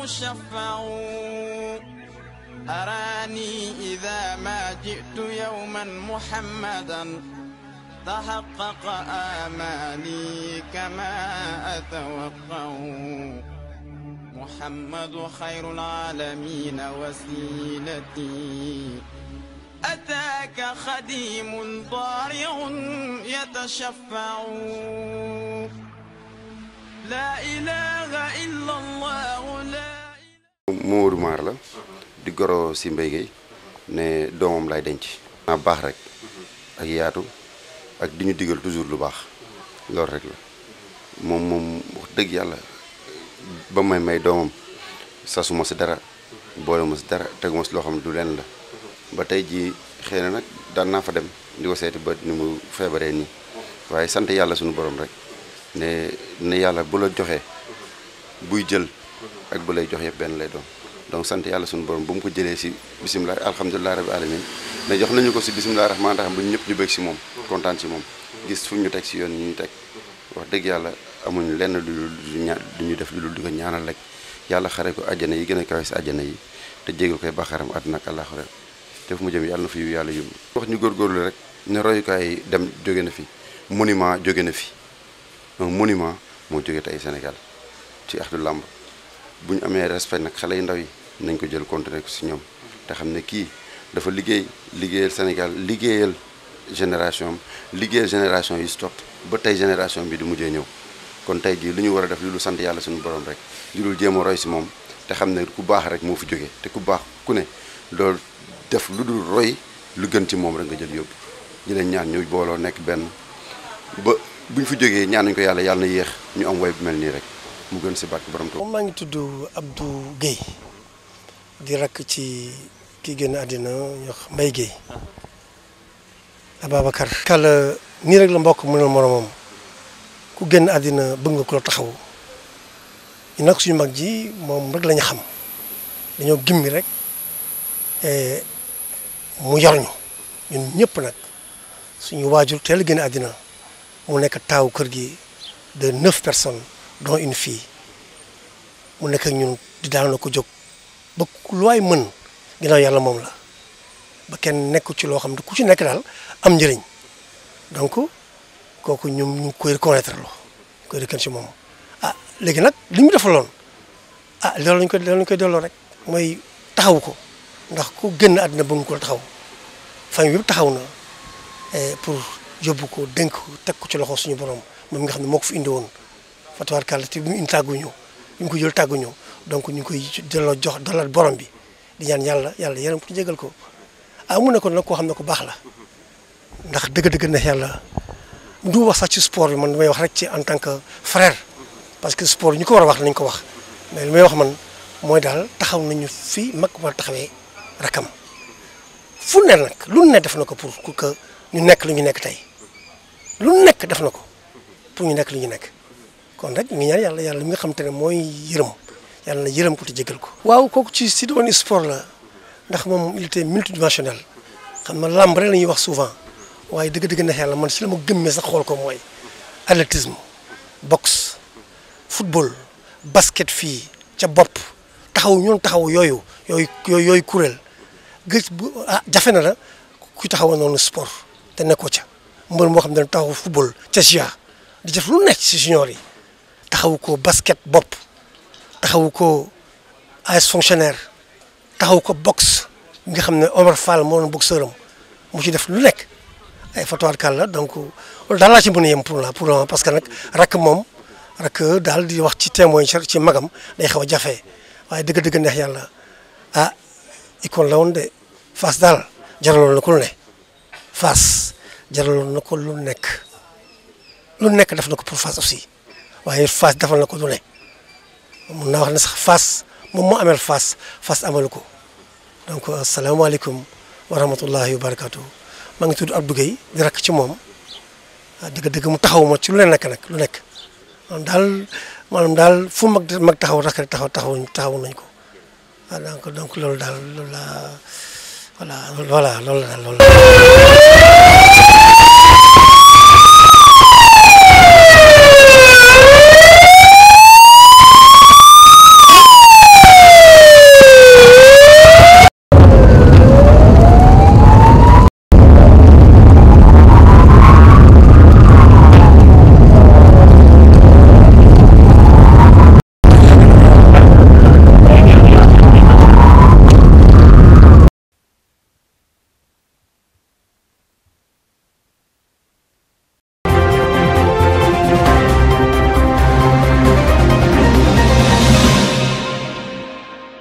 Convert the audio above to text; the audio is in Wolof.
المشفع أراني إذا ما جئت يوما محمدا تحقق آماني كما أتوقع محمد خير العالمين وسيلتي أتاك خديم ضارع يتشفع Mourou Maar la di goro ci Mbaye Gueye ne doomam lay denc naa baax rek ak yaatu ak di ñu digal toujours lu baax loolu rek la moom moom wax dëgg yàlla ba may may doomam sasuma si dara boolema si dara teguma ci loo xam ne du leen la ba tey ji xëy na nag daan naa fa dem di ko seeti ba ni mu feebaree nii waaye sant yàlla sunu boroom rek ne ne yàlla bu la joxee buy jël ak bu lay jox yëpp benn lay doon donc sant yàlla suñu borom bu mu ko jëlee si bisimilah alhamdulilah rabi alamin ne jox nañu ko si bisimilah rahmaani rahim bu ñëpp ñu bëgg si moom kontaan si moom gis fu ñu teg si yoon yi ñu teg wax dëgg yàlla amuñu lenn lu ña lu ñu def lu dul di ko ñaanal rek yàlla xare ko àjjana yi gën a kawe si àjjana yi te jégal koy bàkkaaram àdduna ak àllaaxira te fu mu jëm yàlla na fi yàlla yóbbu wax ñu góorgóorlu rek ne royukaay dem jóge na fi monument jóge na fi un monument moo jógee tey Sénégal ci axlu làmb bu ñu amee respect nag xale yu ndaw yi nañ ko jël continuer ko si ñoom te xam ne kii dafa liggéey liggéeyal Sénégal liggéeyal génération am liggéeyal génération yi stop ba tey génération bi du mujjee ñëw kon tey jii lu ñu war a def lu dul sant yàlla suñu borom rek lu dul jéem a roy si moom te xam ne ku baax rek moo fi jóge te ku baax ku ne loolu def lu dul roy lu gën ci moom rek nga jël yóbbu ñu leen ñu booloo nekk benn bu ñu fi jógee ñaan nañ ko yàlla yàlla na yéex ñu am way bu mel nii rek mu gën si barke borom moom maa ngi tudd Abdou Guèye di rakk ci ki génn àddina ñox Mbaye Guèye Ababacar kàlla nii rek la mbokk mu ne moromam ku génn àddina bëgg nga ku la taxawu ñu nag suñu mag ji moom rek lañu xam dañoo gimmi rek eh, mu yor ñu ñun ñëpp nag suñu waajur teel génn àddina mu nekk taaw kër gi de neuf personnes dont une fille mu nekk ak ñun di daana ko jóg ba lu luwaay mën ginnaaw yàlla moom la ba kenn nekk ci loo xam ne ku ci nekk daal am njëriñ donc kooku ñoom ñu ngi koy reconnaître loo koy reconnaître ci moom ah léegi nag li ñu defaloon ah loolu lañ koy loolu lañ koy delloo rek mooy taxaw ko ndax ku génn àddina bëgg ko taxaw famille bi taxaw na eh, pour yóbbu ko dénk teg ko ci loxo suñu borom moom nga xam ne moo ko fi indi woon fatawaar kàlla bu mu indi tàgguñu ñu ko jël tàgguñu donc ñu ngi koy delloo jox dalal borom bi di yàlla yàlla yaram ko ko ah mu nekkoon nag koo xam ne ko baax la ndax dëgg-dëgg na yàlla du wax sax ci sport bi man damay wax rek ci en tant que frère parce que sport ñu ko war a wax nañ ko wax mais li may wax man mooy daal taxaw nañu fi mag war taxawee rakam fu ne nag lu ne def na ko pour que ñu nekk lu ñu nekk tey lu nekk def na ko pour ñu nekk li ñu nekk kon rek ñu ñaan yàlla yàlla mi nga xam te ne mooy yërëm yàlla na yërëm ko te jégal ko. waaw kooku ci si doon sport la ndax moom il était multidimensionnel xam nga làmb rek la ñuy wax souvent waaye dëgg-dëgg na la man si la ma gëmmee sa xool ko mooy athlétisme boxe football basket fii ca bopp taxaw ñoom taxaw yooyu yooyu yooyu kuréel gëj bu ah jafe na la ku taxawoon noonu sport te nekkoo ca. mbër moo xam ne taxaw football ca GIA di def lu nekk si junior yi taxawu ko basket bopp taxawu ko as fonctionnaire taxawu ko boxe bi nga xam ne Omar Fall moo doon boxeur am mu ci def lu nekk ay fatuwaat kàll la donc loolu daal laa ci mën yem pour la pour le parce que nag rakk moom rakk daal di wax ci témoin ci magam day xaw a jafe waaye dëgg-dëgg neex yàlla ah ikoon la woon de Fass daal jaraloon na ku ne Fass. jaraloon na ko lu nekk lu nekk def na ko pour Fass si waaye faas defal na ko lu ne mun naa wax ne sax Fass moom moo amel Fass Fass amalu ko donc euh, asalaamaaleykum wa rahmatullahi wa barakaatu maa ngi tudd Abdou Guèye di rakk ci moom ah, dëgg-dëgg mu taxaw ma ci lu nekk nag lu nekk maanaam daal maanaam daal fu mag mag taxaw rakk taxaw taxaw taxaw nañ ko ah, donc donc loolu daal loolu laa voilà voilà loolu la loolu